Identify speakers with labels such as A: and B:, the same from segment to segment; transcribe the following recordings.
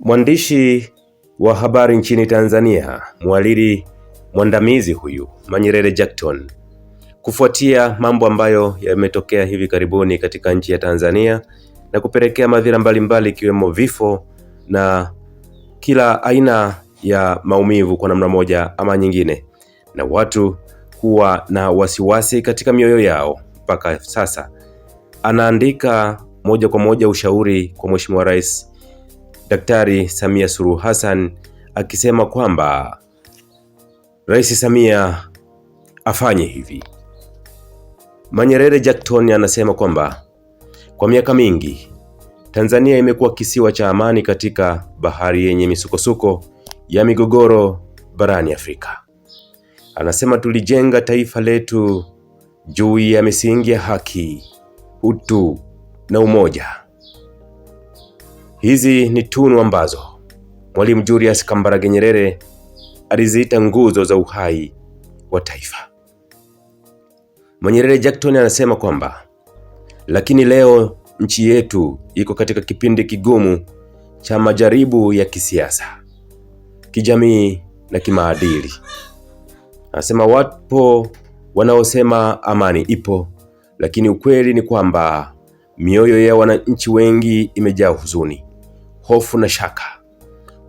A: Mwandishi wa habari nchini Tanzania, mwaliri mwandamizi huyu Manyerere Jackton, kufuatia mambo ambayo yametokea hivi karibuni katika nchi ya Tanzania na kupelekea madhira mbalimbali ikiwemo vifo na kila aina ya maumivu kwa namna moja ama nyingine, na watu kuwa na wasiwasi katika mioyo yao. Mpaka sasa anaandika moja kwa moja ushauri kwa Mheshimiwa Rais Daktari Samia Suluhu Hassan akisema kwamba Rais Samia afanye hivi. Manyerere Jackton anasema kwamba kwa miaka mingi Tanzania imekuwa kisiwa cha amani katika bahari yenye misukosuko ya migogoro barani Afrika. Anasema tulijenga taifa letu juu ya misingi ya haki, utu na umoja. Hizi ni tunu ambazo Mwalimu Julius Kambarage Nyerere aliziita nguzo za uhai wa taifa. Manyerere Jackton anasema kwamba lakini leo nchi yetu iko katika kipindi kigumu cha majaribu ya kisiasa, kijamii na kimaadili. Anasema wapo wanaosema amani ipo, lakini ukweli ni kwamba mioyo ya wananchi wengi imejaa huzuni, hofu na shaka.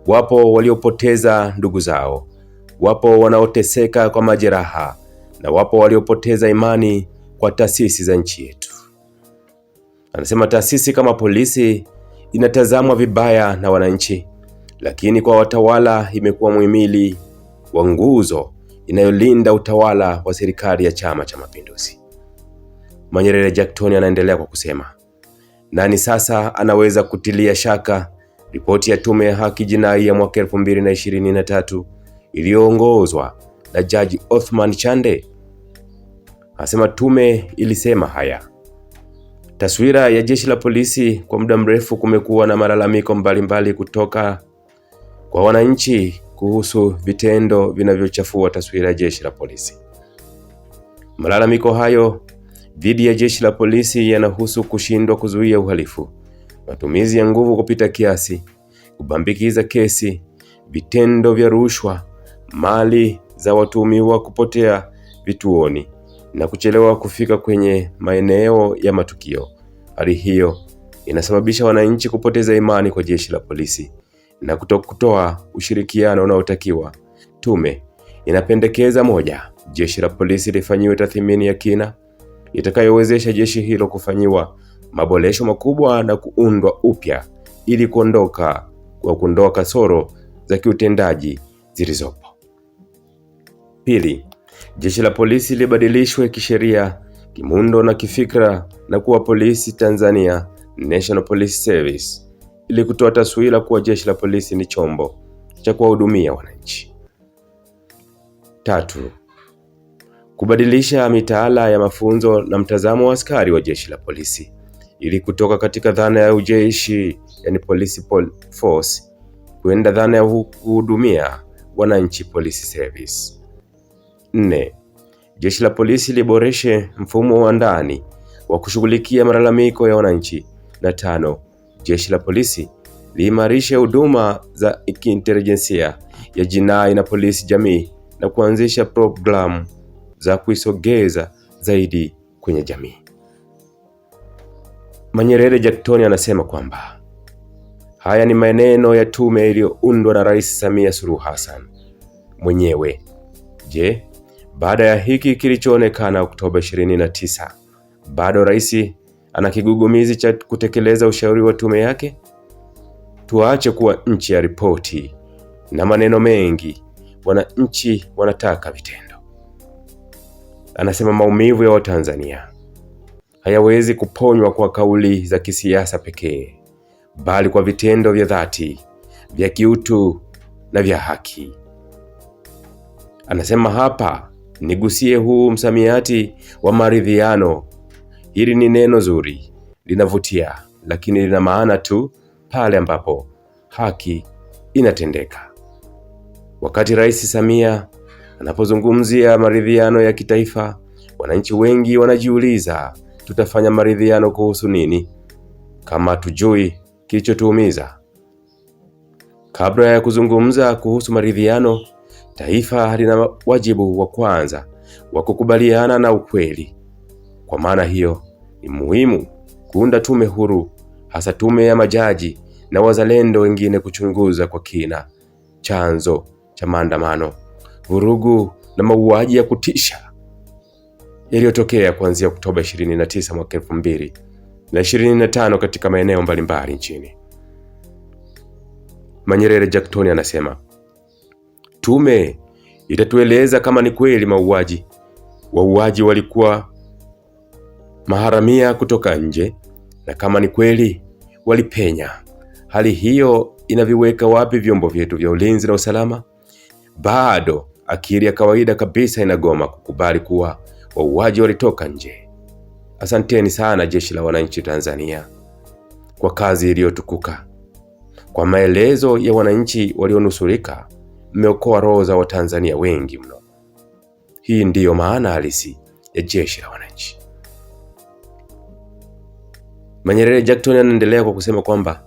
A: Wapo waliopoteza ndugu zao, wapo wanaoteseka kwa majeraha, na wapo waliopoteza imani kwa taasisi za nchi yetu. Anasema taasisi kama polisi inatazamwa vibaya na wananchi, lakini kwa watawala imekuwa muhimili wa nguzo inayolinda utawala wa serikali ya Chama cha Mapinduzi. Manyerere Jackton anaendelea kwa kusema, nani sasa anaweza kutilia shaka Ripoti ya Tume ya Haki Jinai ya mwaka tatu iliyoongozwa na Jaji Othman Chande asema tume ilisema haya. Taswira ya jeshi la polisi kwa muda mrefu, kumekuwa na malalamiko mbalimbali kutoka kwa wananchi kuhusu vitendo vinavyochafua taswira ya jeshi la polisi. Malalamiko hayo dhidi ya jeshi la polisi yanahusu kushindwa kuzuia uhalifu, matumizi ya nguvu kupita kiasi, kubambikiza kesi, vitendo vya rushwa, mali za watuhumiwa kupotea vituoni na kuchelewa kufika kwenye maeneo ya matukio. Hali hiyo inasababisha wananchi kupoteza imani kwa jeshi la polisi na kutokutoa ushirikiano unaotakiwa. Tume inapendekeza moja, jeshi la polisi lifanyiwe tathmini ya kina itakayowezesha jeshi hilo kufanyiwa maboresho makubwa na kuundwa upya ili kuondoka kwa kuondoa kasoro za kiutendaji zilizopo. Pili, jeshi la polisi libadilishwe kisheria, kimuundo na kifikra na kuwa polisi Tanzania National Police Service ili kutoa taswira kuwa jeshi la polisi ni chombo cha kuwahudumia wananchi. Tatu, kubadilisha mitaala ya mafunzo na mtazamo wa askari wa jeshi la polisi ili kutoka katika dhana ya ujeshi, yani police force, kuenda dhana ya kuhudumia wananchi, police service. Nne, jeshi la polisi liboreshe mfumo wa ndani wa kushughulikia malalamiko ya wananchi. Na tano, jeshi la polisi liimarishe huduma za kiintelijensia ya jinai na polisi jamii na kuanzisha programu za kuisogeza zaidi kwenye jamii. Manyerere Jackton anasema kwamba haya ni maneno ya tume iliyoundwa na Rais Samia Suluhu Hassan mwenyewe. Je, baada ya hiki kilichoonekana Oktoba 29 bado rais ana kigugumizi cha kutekeleza ushauri wa tume yake? Tuache kuwa nchi ya ripoti na maneno mengi, wananchi wanataka vitendo, anasema. Maumivu ya Watanzania hayawezi kuponywa kwa kauli za kisiasa pekee, bali kwa vitendo vya dhati vya kiutu na vya haki. Anasema hapa, nigusie huu msamiati wa maridhiano. Hili ni neno zuri, linavutia, lakini lina maana tu pale ambapo haki inatendeka. Wakati Rais Samia anapozungumzia maridhiano ya kitaifa, wananchi wengi wanajiuliza tutafanya maridhiano kuhusu nini kama tujui kilichotuumiza? Kabla ya kuzungumza kuhusu maridhiano, taifa lina wajibu wa kwanza wa kukubaliana na ukweli. Kwa maana hiyo, ni muhimu kuunda tume huru, hasa tume ya majaji na wazalendo wengine, kuchunguza kwa kina chanzo cha maandamano, vurugu na mauaji ya kutisha yaliyotokea kuanzia Oktoba 29 mwaka 2025 katika maeneo mbalimbali nchini. Manyerere Jackton anasema tume itatueleza kama ni kweli mauaji, wauaji walikuwa maharamia kutoka nje, na kama ni kweli walipenya. Hali hiyo inaviweka wapi vyombo vyetu vya ulinzi na usalama? Bado akili ya kawaida kabisa inagoma kukubali kuwa wauaji walitoka nje. Asanteni sana Jeshi la Wananchi Tanzania kwa kazi iliyotukuka. Kwa maelezo ya wananchi walionusurika, mmeokoa roho za Watanzania wengi mno. Hii ndiyo maana halisi ya Jeshi la Wananchi. Manyerere Jackton anaendelea kwa kusema kwamba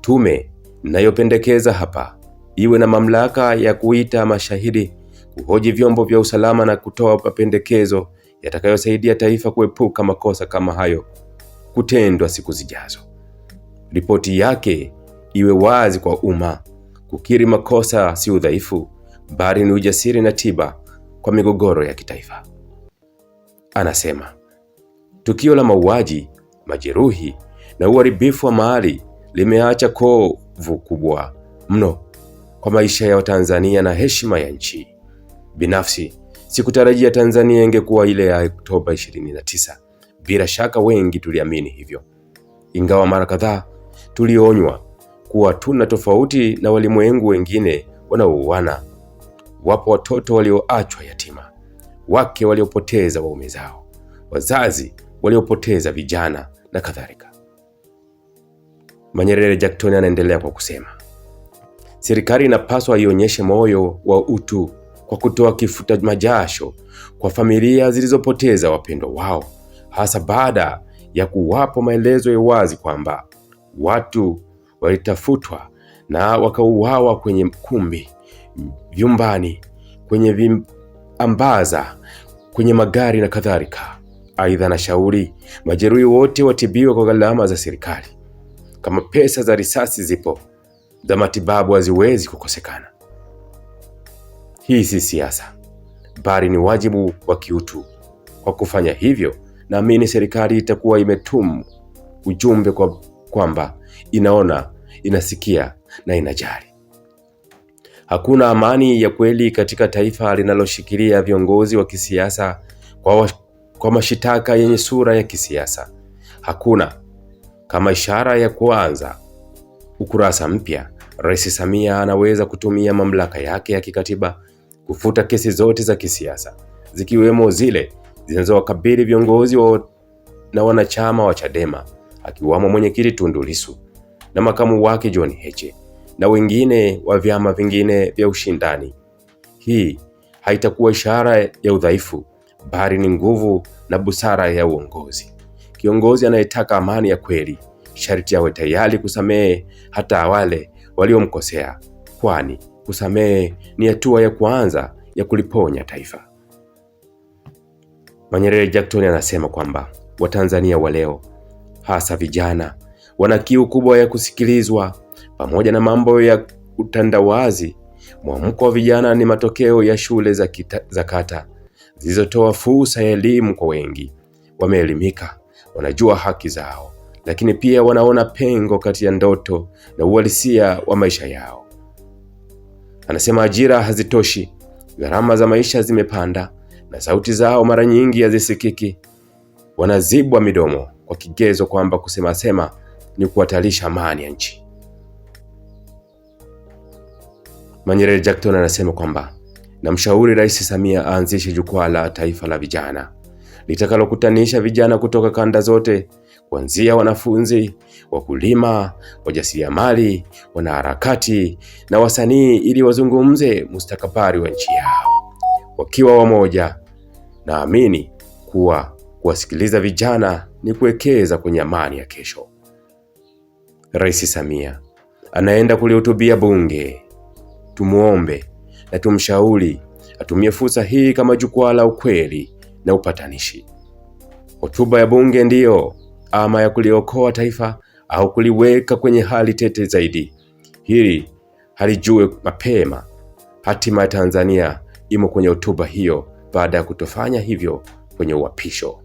A: tume inayopendekeza hapa iwe na mamlaka ya kuita mashahidi, kuhoji vyombo vya usalama na kutoa mapendekezo yatakayosaidia taifa kuepuka makosa kama hayo kutendwa siku zijazo. Ripoti yake iwe wazi kwa umma. Kukiri makosa si udhaifu, bali ni ujasiri na tiba kwa migogoro ya kitaifa. Anasema tukio la mauaji, majeruhi na uharibifu wa mali limeacha kovu kubwa mno kwa maisha ya Watanzania na heshima ya nchi. Binafsi Sikutarajia Tanzania ingekuwa ile ya Oktoba 29. Bila shaka wengi tuliamini hivyo, ingawa mara kadhaa tulionywa kuwa tuna tofauti na walimwengu wengine wanaouana. Wapo watoto walioachwa yatima, wake waliopoteza waume zao, wazazi waliopoteza vijana na kadhalika. Manyerere Jackton anaendelea kwa kusema, serikali inapaswa ionyeshe moyo wa utu kwa kutoa kifuta majasho kwa familia zilizopoteza wapendwa wao, hasa baada ya kuwapo maelezo ya wazi kwamba watu walitafutwa na wakauawa kwenye kumbi, vyumbani, kwenye viambaza, kwenye magari na kadhalika. Aidha, na shauri majeruhi wote watibiwe kwa gharama za serikali, kama pesa za risasi zipo za matibabu haziwezi kukosekana. Hii si siasa, bali ni wajibu wa kiutu. Kwa kufanya hivyo, naamini serikali itakuwa imetumu ujumbe kwa kwamba inaona, inasikia na inajali. Hakuna amani ya kweli katika taifa linaloshikilia viongozi wa kisiasa kwa, wa, kwa mashitaka yenye sura ya kisiasa. Hakuna. Kama ishara ya kuanza ukurasa mpya, Rais Samia anaweza kutumia mamlaka yake ya kikatiba kufuta kesi zote za kisiasa zikiwemo zile zinazowakabili viongozi wa na wanachama wa Chadema akiwamo mwenyekiti Tundu Lissu na makamu wake John Heche na wengine wa vyama vingine vya ushindani. Hii haitakuwa ishara ya udhaifu, bali ni nguvu na busara ya uongozi. Kiongozi anayetaka amani ya kweli sharti awe tayari kusamehe hata wale waliomkosea, kwani Kusamehe ni hatua ya kwanza ya kuliponya taifa. Manyerere Jackton anasema kwamba Watanzania wa leo hasa vijana wana kiu kubwa ya kusikilizwa. Pamoja na mambo ya utandawazi, mwamko wa vijana ni matokeo ya shule za, kita, za kata zilizotoa fursa ya elimu kwa wengi. Wameelimika, wanajua haki zao, lakini pia wanaona pengo kati ya ndoto na uhalisia wa maisha yao. Anasema ajira hazitoshi, gharama za maisha zimepanda, na sauti zao mara nyingi hazisikiki. Wanazibwa midomo kwa kigezo kwamba kusema sema ni kuhatarisha amani ya nchi. Manyerere Jackton anasema kwamba namshauri Rais Samia aanzishe jukwaa la taifa la vijana litakalokutanisha vijana kutoka kanda zote kuanzia wanafunzi, wakulima, wajasiriamali, wanaharakati na wasanii, ili wazungumze mustakabali wa nchi yao wakiwa wamoja. Naamini kuwa kuwasikiliza vijana ni kuwekeza kwenye amani ya kesho. Rais Samia anaenda kulihutubia Bunge. Tumuombe na tumshauri atumie fursa hii kama jukwaa la ukweli na upatanishi. Hotuba ya Bunge ndiyo ama ya kuliokoa taifa au kuliweka kwenye hali tete zaidi. Hili halijue mapema. Hatima ya Tanzania imo kwenye hotuba hiyo, baada ya kutofanya hivyo kwenye uapisho.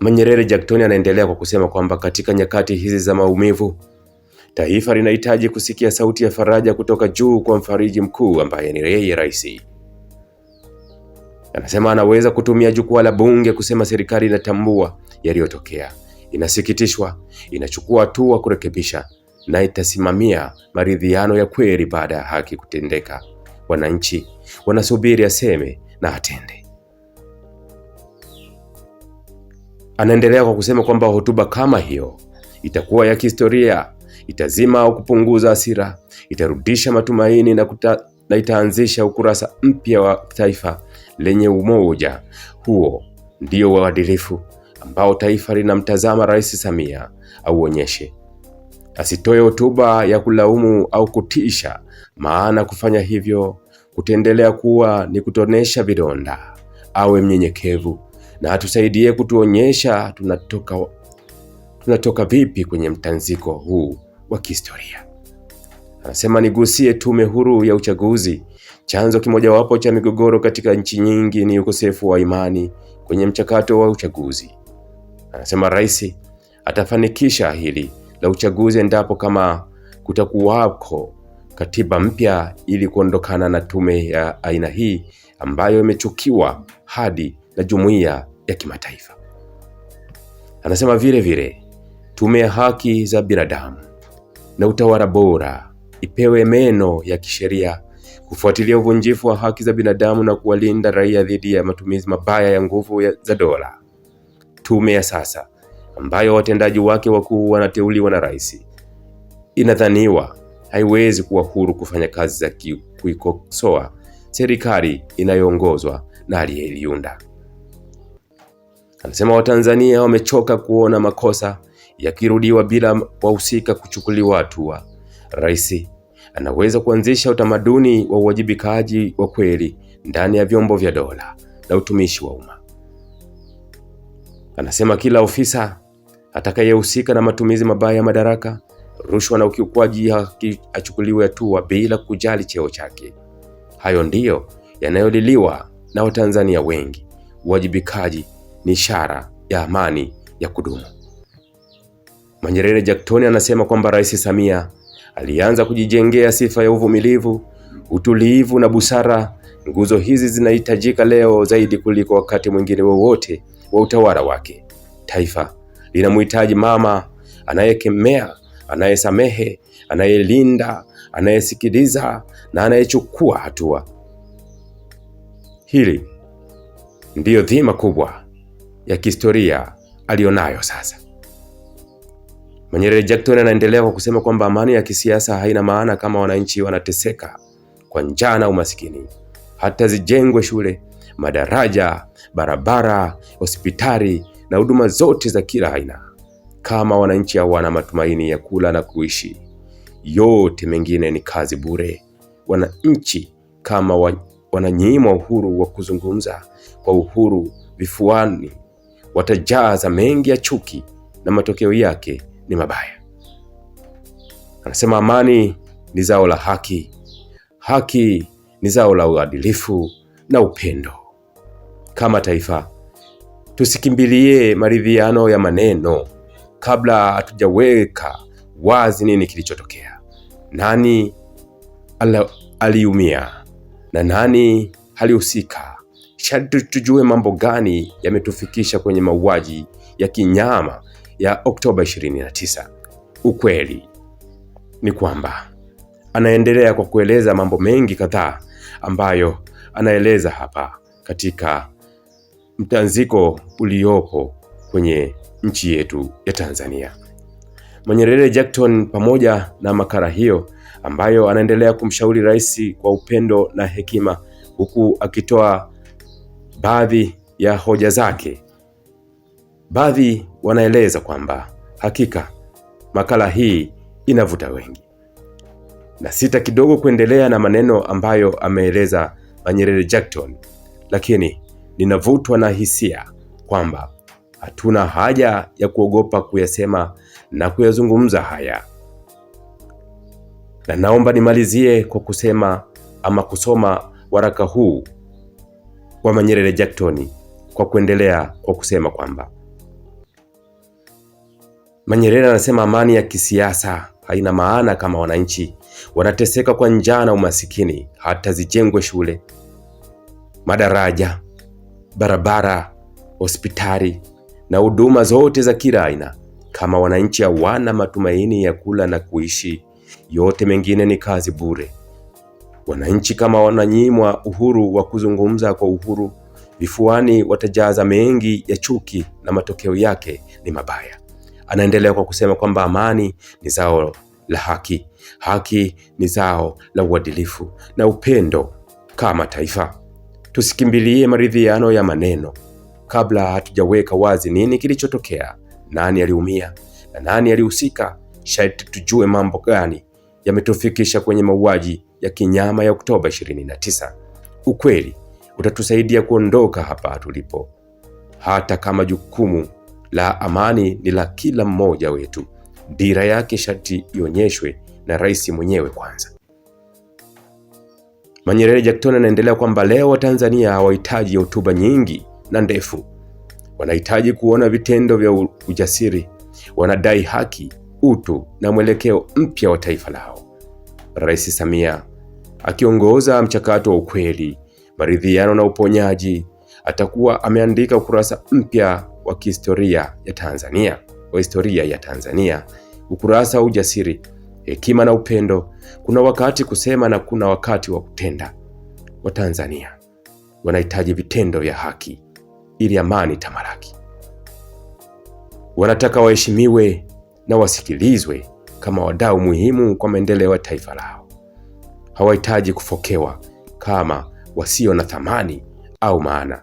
A: Manyerere Jackton anaendelea kwa kusema kwamba katika nyakati hizi za maumivu, taifa linahitaji kusikia sauti ya faraja kutoka juu kwa mfariji mkuu ambaye ni yeye rais. Anasema anaweza kutumia jukwaa la bunge kusema serikali inatambua yaliyotokea, inasikitishwa, inachukua hatua kurekebisha na itasimamia maridhiano ya kweli baada ya haki kutendeka. Wananchi wanasubiri aseme na atende. Anaendelea kwa kusema kwamba hotuba kama hiyo itakuwa ya kihistoria, itazima au kupunguza hasira, itarudisha matumaini na, kuta, na itaanzisha ukurasa mpya wa taifa lenye umoja. Huo ndio uadilifu ambao taifa linamtazama Rais Samia auonyeshe. Asitoe hotuba ya kulaumu au kutisha, maana kufanya hivyo kutaendelea kuwa ni kutonesha vidonda. Awe mnyenyekevu na atusaidie kutuonyesha tunatoka, tunatoka vipi kwenye mtanziko huu wa kihistoria. Anasema nigusie Tume Huru ya Uchaguzi Chanzo kimojawapo cha migogoro katika nchi nyingi ni ukosefu wa imani kwenye mchakato wa uchaguzi. Anasema rais atafanikisha hili la uchaguzi endapo kama kutakuwako katiba mpya ili kuondokana na tume ya aina hii ambayo imechukiwa hadi na jumuiya ya kimataifa. Anasema vile vile tume ya haki za binadamu na utawala bora ipewe meno ya kisheria kufuatilia uvunjifu wa haki za binadamu na kuwalinda raia dhidi ya matumizi mabaya ya nguvu za dola. Tume ya sasa ambayo watendaji wake wakuu wanateuliwa na rais, inadhaniwa haiwezi kuwa huru kufanya kazi za kuikosoa serikali inayoongozwa na aliyeiunda. Anasema Watanzania wamechoka kuona makosa yakirudiwa bila wahusika kuchukuliwa hatua. Rais anaweza kuanzisha utamaduni wa uwajibikaji wa kweli ndani ya vyombo vya dola na utumishi wa umma. Anasema kila ofisa atakayehusika na matumizi mabaya ya madaraka, rushwa na ukiukwaji haki achukuliwe hatua bila kujali cheo chake. Hayo ndiyo yanayoliliwa na Watanzania wengi. Uwajibikaji ni ishara ya amani ya kudumu. Manyerere Jackton anasema kwamba Rais Samia alianza kujijengea sifa ya uvumilivu, utulivu na busara. Nguzo hizi zinahitajika leo zaidi kuliko wakati mwingine wowote wa, wa utawala wake. Taifa linamhitaji mama anayekemea, anayesamehe, anayelinda, anayesikiliza na anayechukua hatua. Hili ndiyo dhima kubwa ya kihistoria aliyonayo sasa. Manyerere Jackton anaendelea kwa kusema kwamba amani ya kisiasa haina maana kama wananchi wanateseka kwa njaa na umasikini. Hata zijengwe shule, madaraja, barabara, hospitali na huduma zote za kila aina, kama wananchi hawana matumaini ya kula na kuishi, yote mengine ni kazi bure. Wananchi kama wa, wananyimwa uhuru wa kuzungumza kwa uhuru vifuani, watajaza mengi ya chuki na matokeo yake ni mabaya. Anasema amani ni zao la haki, haki ni zao la uadilifu na upendo. Kama taifa tusikimbilie maridhiano ya maneno kabla hatujaweka wazi nini kilichotokea, nani ala, aliumia na nani alihusika. Sharti tujue mambo gani yametufikisha kwenye mauaji ya kinyama ya Oktoba 29. Ukweli ni kwamba anaendelea kwa kueleza mambo mengi kadhaa ambayo anaeleza hapa katika mtanziko uliopo kwenye nchi yetu ya Tanzania. Manyerere Jackton pamoja na makala hiyo ambayo anaendelea kumshauri rais kwa upendo na hekima, huku akitoa baadhi ya hoja zake Baadhi wanaeleza kwamba hakika makala hii inavuta wengi, na sita kidogo kuendelea na maneno ambayo ameeleza Manyerere Jackton, lakini ninavutwa na hisia kwamba hatuna haja ya kuogopa kuyasema na kuyazungumza haya, na naomba nimalizie kwa kusema ama kusoma waraka huu wa Manyerere Jackton kwa kuendelea kwa kusema kwamba Manyerere anasema amani ya kisiasa haina maana kama wananchi wanateseka kwa njaa na umasikini. Hata zijengwe shule, madaraja, barabara, hospitali na huduma zote za kila aina, kama wananchi hawana matumaini ya kula na kuishi, yote mengine ni kazi bure. Wananchi kama wananyimwa uhuru wa kuzungumza kwa uhuru, vifuani watajaza mengi ya chuki na matokeo yake ni mabaya. Anaendelea kwa kusema kwamba amani ni zao la haki, haki ni zao la uadilifu na upendo. Kama taifa tusikimbilie maridhiano ya maneno kabla hatujaweka wazi nini kilichotokea, nani aliumia na nani alihusika. Sharti tujue mambo gani yametufikisha kwenye mauaji ya kinyama ya Oktoba 29. Ukweli utatusaidia kuondoka hapa tulipo, hata kama jukumu la amani ni la kila mmoja wetu. Dira yake sharti ionyeshwe na rais mwenyewe kwanza. Manyerere Jackton anaendelea kwamba leo Watanzania hawahitaji hotuba nyingi na ndefu, wanahitaji kuona vitendo vya ujasiri. Wanadai haki, utu na mwelekeo mpya wa taifa lao. Rais Samia akiongoza mchakato wa ukweli, maridhiano na uponyaji, atakuwa ameandika ukurasa mpya wa kihistoria ya Tanzania wa historia ya Tanzania, ukurasa wa ujasiri, hekima na upendo. Kuna wakati kusema na kuna wakati wa kutenda. Watanzania wanahitaji vitendo vya haki ili amani tamalaki. Wanataka waheshimiwe na wasikilizwe kama wadau muhimu kwa maendeleo ya taifa lao. Hawahitaji kufokewa kama wasio na thamani au maana.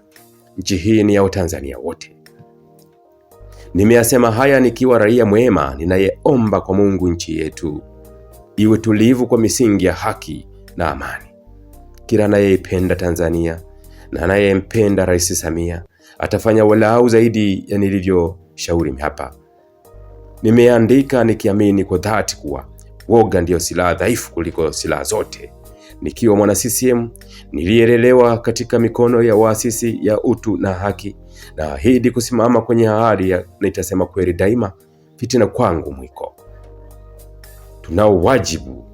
A: Nchi hii ni ya Watanzania wote. Nimeyasema haya nikiwa raia mwema ninayeomba kwa Mungu nchi yetu iwe tulivu kwa misingi ya haki na amani. Kila anayeipenda Tanzania na anayempenda Rais Samia atafanya walau zaidi ya nilivyoshauri hapa. Nimeandika nikiamini kwa dhati kuwa woga ndiyo silaha dhaifu kuliko silaha zote. Nikiwa mwana CCM nilielelewa katika mikono ya waasisi ya utu na haki na hidi kusimama kwenye ahadi ya nitasema kweli daima, fitina kwangu mwiko. Tunao wajibu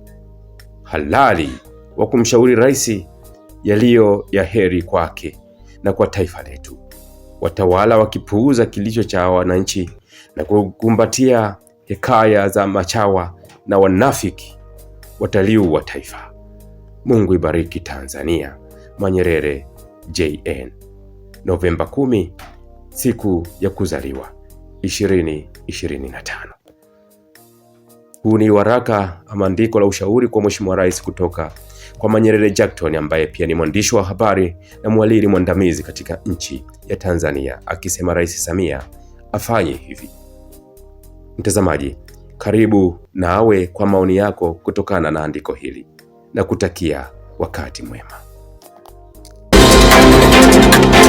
A: halali wa kumshauri rais yaliyo ya heri kwake na kwa taifa letu. Watawala wakipuuza kilicho cha wananchi na kukumbatia hekaya za machawa na wanafiki, wataliu wa taifa. Mungu ibariki Tanzania. Manyerere, JN. Novemba 10 siku ya kuzaliwa 2025. Huu ni waraka ama andiko la ushauri kwa Mheshimiwa Rais kutoka kwa Manyerere Jackton ambaye pia ni mwandishi wa habari na mhariri mwandamizi katika nchi ya Tanzania, akisema Rais Samia afanye hivi. Mtazamaji, karibu nawe kwa maoni yako kutokana na andiko hili na kutakia wakati mwema.